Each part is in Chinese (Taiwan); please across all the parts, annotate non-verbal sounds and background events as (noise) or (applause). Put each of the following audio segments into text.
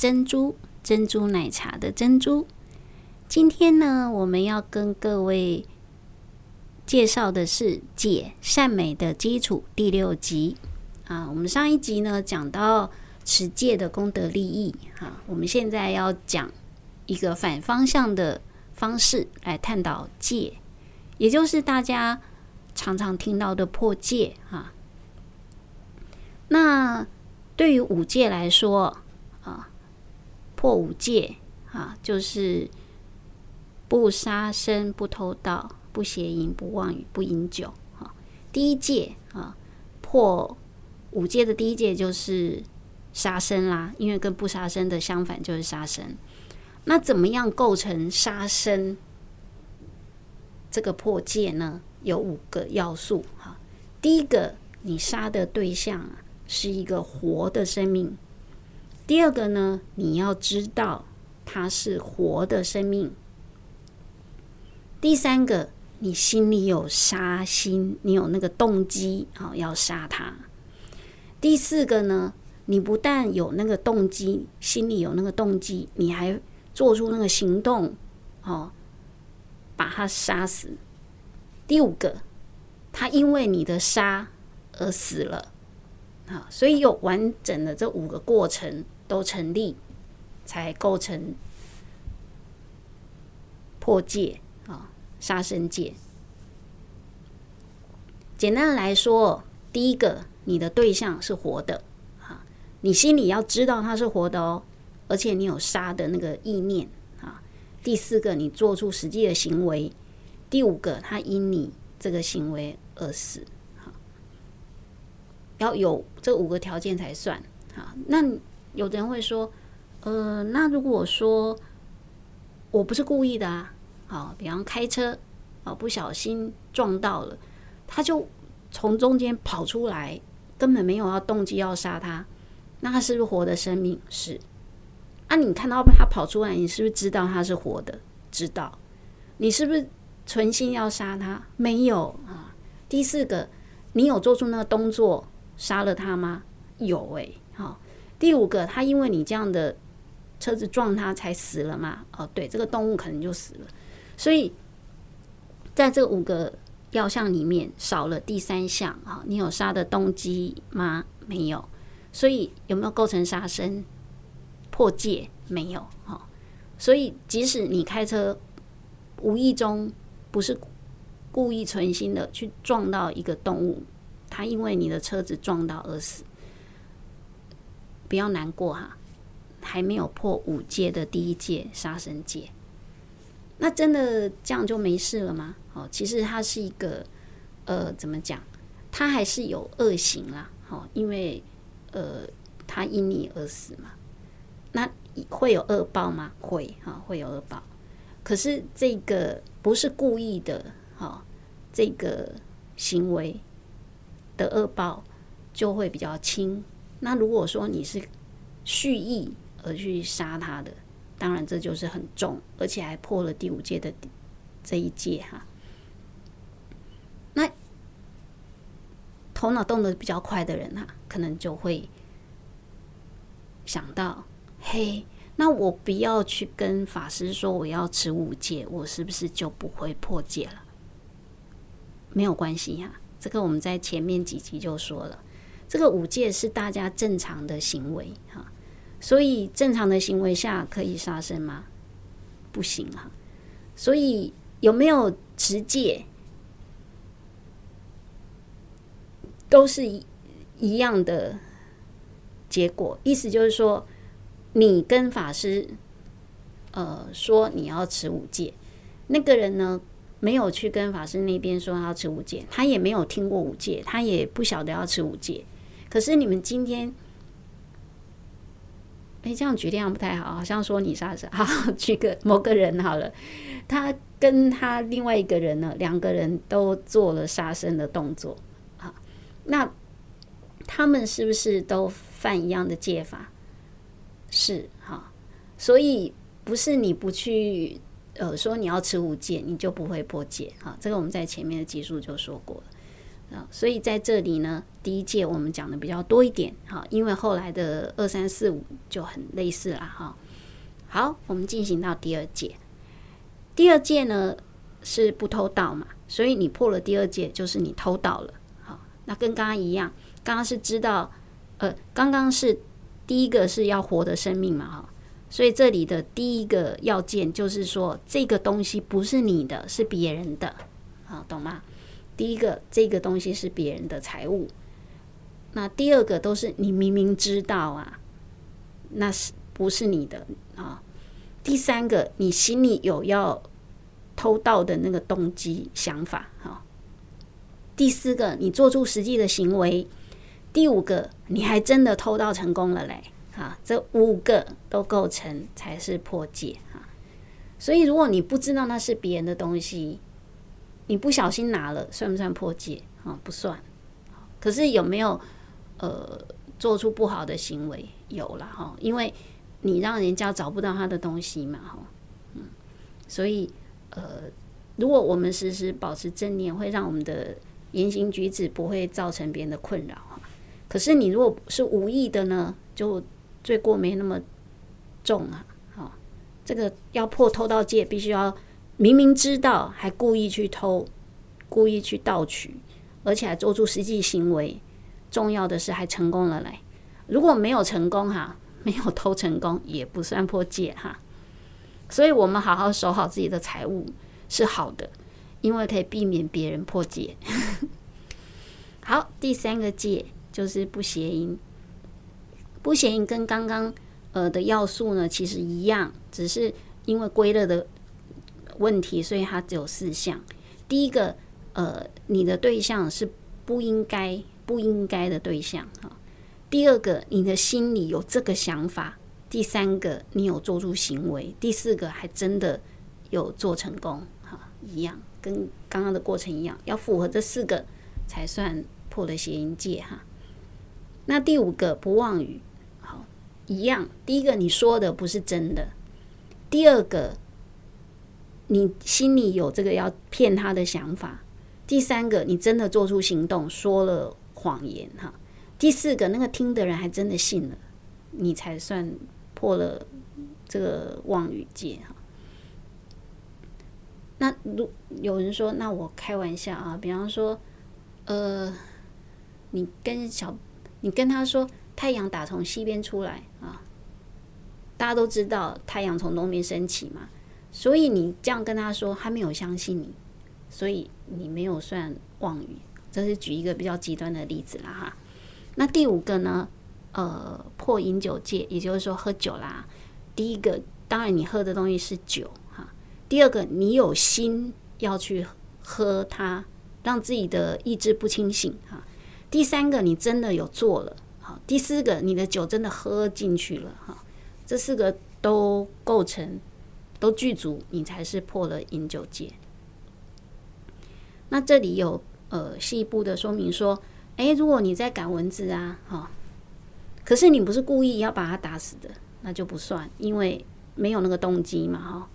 珍珠，珍珠奶茶的珍珠。今天呢，我們要跟各位介紹的是戒善美的基礎第六集啊。我們上一集呢講到持戒的功德利益哈、啊，我們現在要講一個反方向的方式來探討戒，也就是大家常常聽到的破戒哈、啊。那對於五戒來說，破五戒啊，就是不殺生、不偷盜、不邪淫、不妄語、不飲酒。哈，第一戒啊，破五戒的第一戒就是殺生啦，因為跟不殺生的相反就是殺生。那怎麼樣構成殺生？這個破戒呢，有五個要素。哈，第一個，你殺的對象啊是一個活的生命。第二個呢，你要知道他是活的生命。第三個，你心裡有殺心，你有那個動機啊，哦，要殺他。第四個呢，你不但有那個動機，心裡有那個動機，你還做出那個行動，哦，把他殺死。第五個，他因為你的殺而死了，啊，所以有完整的這五個過程。都成立，才構成破戒啊，殺生戒。簡單的來說，第一個，你的對象是活的啊，你心裡要知道他是活的哦，而且你有殺的那個意念啊。第四個，你做出實際的行為，第五個，他因你這個行為而死啊，要有這五個條件才算啊。那有的人會說，呃，那如果說我不是故意的啊，好，哦，比方開車啊、哦，不小心撞到了，他就從中間跑出來，根本沒有要動機要殺他，那他是不是活的生命？是。啊，你看到他跑出來，你是不是知道他是活的？知道。你是不是存心要殺他？沒有啊。第四個，你有做出那個動作殺了他嗎？有誒、欸。第五個，他因為你這樣的車子撞他才死了嘛？哦，對，這個動物可能就死了。所以，在這五個要項裡面，少了第三項哈，你有殺的動機嗎？沒有，所以有沒有構成殺生破戒？沒有，哈，所以即使你開車無意中，不是故意存心的去撞到一個動物，他因為你的車子撞到而死。不要難過哈、啊，還沒有破五戒的第一戒殺生戒，那真的這樣就沒事了嗎？哦，其實它是一個，呃，怎麼講？它還是有惡行啦，好，因為呃，他因你而死嘛，那會有惡報嗎？會，哈，會有惡報。可是這個不是故意的，好，這個行為的惡報就會比較輕。那如果說你是蓄意而去殺他的，當然這就是很重，而且還破了第五戒的這一戒哈。那頭腦動得比較快的人啊，可能就會想到：嘿，那我不要去跟法師說我要持五戒，我是不是就不會破戒了？沒有關係呀，這個我們在前面幾集就說了。這個五戒是大家正常的行為哈，所以正常的行為下可以殺生嗎？不行啊。所以有沒有持戒，都是一樣的結果。意思就是說，你跟法師呃說你要持五戒，那個人呢沒有去跟法師那邊說他要持五戒，他也沒有聽過五戒，他也不曉得要持五戒。可是你們今天，哎，這樣舉例好像不太好，好像說你殺生。好，舉個某個人好了，他跟他另外一個人呢，兩個人都做了殺生的動作啊。那他們是不是都犯一樣的戒法？是哈、啊，所以不是你不去呃說你要持五戒，你就不會破戒哈、啊。這個我們在前面的集數就說過了。啊，所以在這裡呢，第一戒我們講的比較多一點哈，因為後來的二三四五就很類似了哈。好，我們進行到第二戒，第二戒呢是不偷盜嘛，所以你破了第二戒就是你偷盜了。好，那跟剛剛一樣，剛剛是知道，呃，剛剛是第一個是要活的生命嘛哈，所以這裡的第一個要件就是說這個東西不是你的，是別人的，好，懂嗎？第一個，這個東西是別人的財物。那第二個都是你明明知道啊，那是不是你的啊？第三個，你心裡有要偷盜的那個動機想法哈。啊，第四個，你做出實際的行為。第五個，你還真的偷盜成功了嘞啊！這五個都構成才是破戒啊。所以，如果你不知道那是別人的東西，你不小心拿了，算不算破戒啊？不算。可是有沒有呃，做出不好的行為？有了哈，因為你讓人家找不到他的東西嘛哈。嗯，所以呃，如果我們時時保持正念，會讓我們的言行舉止不會造成別人的困擾哈。可是你如果是無意的呢，就罪過沒那麼重啊。哈，這個要破偷盜戒，必須要。明明知道還故意去偷，故意去盜取，而且還做出實際行為，重要的是還成功了嘞。如果沒有成功哈，沒有偷成功也不算破戒哈。所以我們好好守好自己的財物是好的，因為可以避免別人破戒。 (laughs) 好，第三個戒就是不邪淫。不邪淫跟剛剛呃的要素呢其實一樣，只是因為歸類的。問題，所以它只有四項。第一個，呃，你的對象是不應該不應該的對象啊。第二個，你的心裡有這個想法。第三個，你有做出行為。第四個，還真的有做成功哈，一樣跟剛剛的過程一樣，要符合這四個才算破了邪淫戒。哈。那第五個不妄語，好，一樣。第一個你說的不是真的，第二個。你心裡有這個要騙他的想法，第三個，你真的做出行動，說了謊言哈。第四個，那個聽的人還真的信了，你才算破了這個妄語戒哈。那如有人說，那我開玩笑啊，比方說，呃，你跟小，你跟他說太陽打從西邊出來啊，大家都知道太陽從東邊升起嘛。所以你這樣跟他說，他沒有相信你，所以你沒有算妄語。這是舉一個比較極端的例子啦哈。那第五個呢？呃，破飲酒戒，也就是說喝酒啦。第一個，當然你喝的東西是酒哈。第二個，你有心要去喝它，讓自己的意志不清醒哈。第三個，你真的有做了好；第四個，你的酒真的喝進去了哈。這四個都構成。都具足，你才是破了飲酒戒。那這裡有呃，細部的說明說，誒、欸，如果你在趕蚊子啊，哈、哦，可是你不是故意要把它打死的，那就不算，因為沒有那個動機嘛，哈、哦。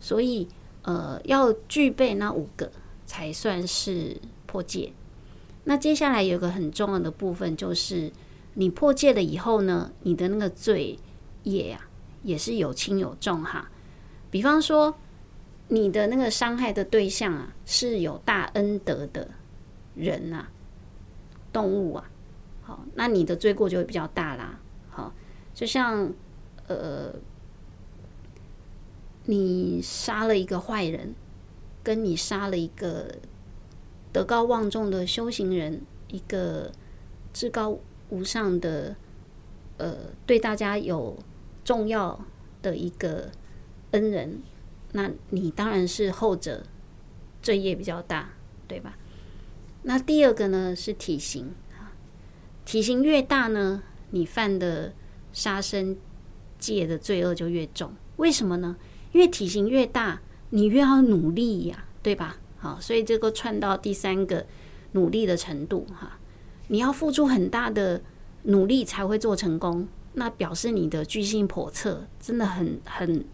所以呃，要具備那五個，才算是破戒。那接下來有個很重要的部分，就是你破戒了以後呢，你的那個罪業啊。也是有輕有重哈，比方說，你的那個傷害的對象啊，是有大恩德的人啊、動物啊，好，那你的罪過就會比較大啦。好，就像呃，你殺了一個壞人，跟你殺了一個德高望重的修行人，一個至高無上的，呃，對大家有。重要的一個恩人，那你當然是後者，罪業比較大，對吧？那第二個呢是體型，體型越大呢，你犯的殺生戒的罪惡就越重，為什麼呢？因為體型越大，你越要努力呀、啊，對吧？好，所以這個串到第三個努力的程度哈，你要付出很大的努力才會做成功。那表示你的居心叵測，真的很很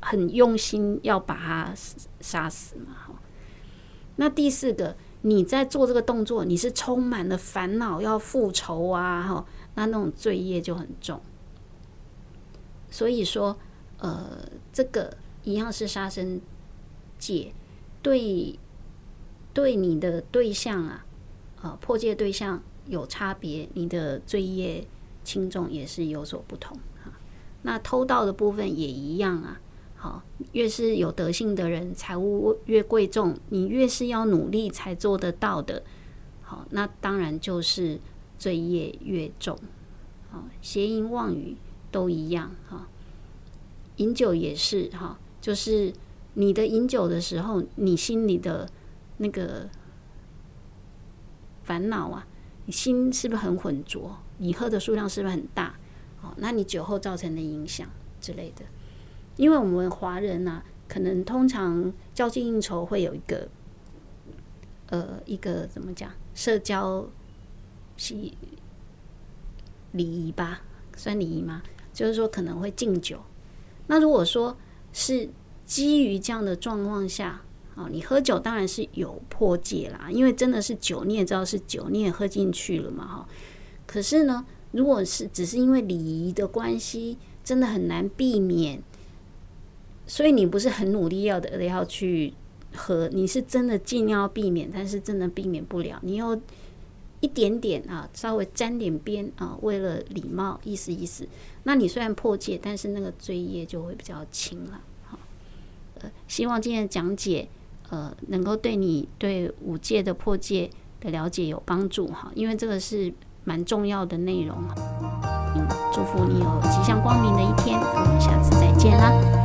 很用心要把他殺死嘛。那第四個，你在做這個動作，你是充滿了煩惱要復仇啊？哈，那那種罪業就很重。所以說，呃，這個一樣是殺生戒，對對你的對象啊，呃，破戒對象有差別，你的罪業。輕重也是有所不同哈，那偷盜的部分也一樣啊。好，越是有德性的人，財物越貴重，你越是要努力才做得到的。好，那當然就是罪業越重。好，邪淫妄語都一樣。飲酒也是，就是你的飲酒的時候，你心裡的那個煩惱啊，你心是不是很渾濁？你喝的數量是不是很大？哦，那你酒後造成的影響之類的，因為我們華人呢、啊，可能通常交際應酬會有一個，呃，一個怎麼講社交，是禮儀吧，算禮儀嗎？就是說可能會敬酒。那如果說是基於這樣的狀況下，哦，你喝酒當然是有破戒啦，因為真的是酒，你也知道是酒，你也喝進去了嘛，哈。可是呢，如果是只是因為禮儀的關係，真的很難避免。所以你不是很努力要的，要去和你是真的盡量要避免，但是真的避免不了，你又一點點啊，稍微沾點邊啊，為了禮貌意思意思。那你雖然破戒，但是那個罪業就會比較輕了。好，呃，希望今天的講解呃，能夠對你對五戒的破戒的了解有幫助哈，因為這個是。蠻重要的內容啊，嗯，祝福你有吉祥光明的一天。我們下次再見啦。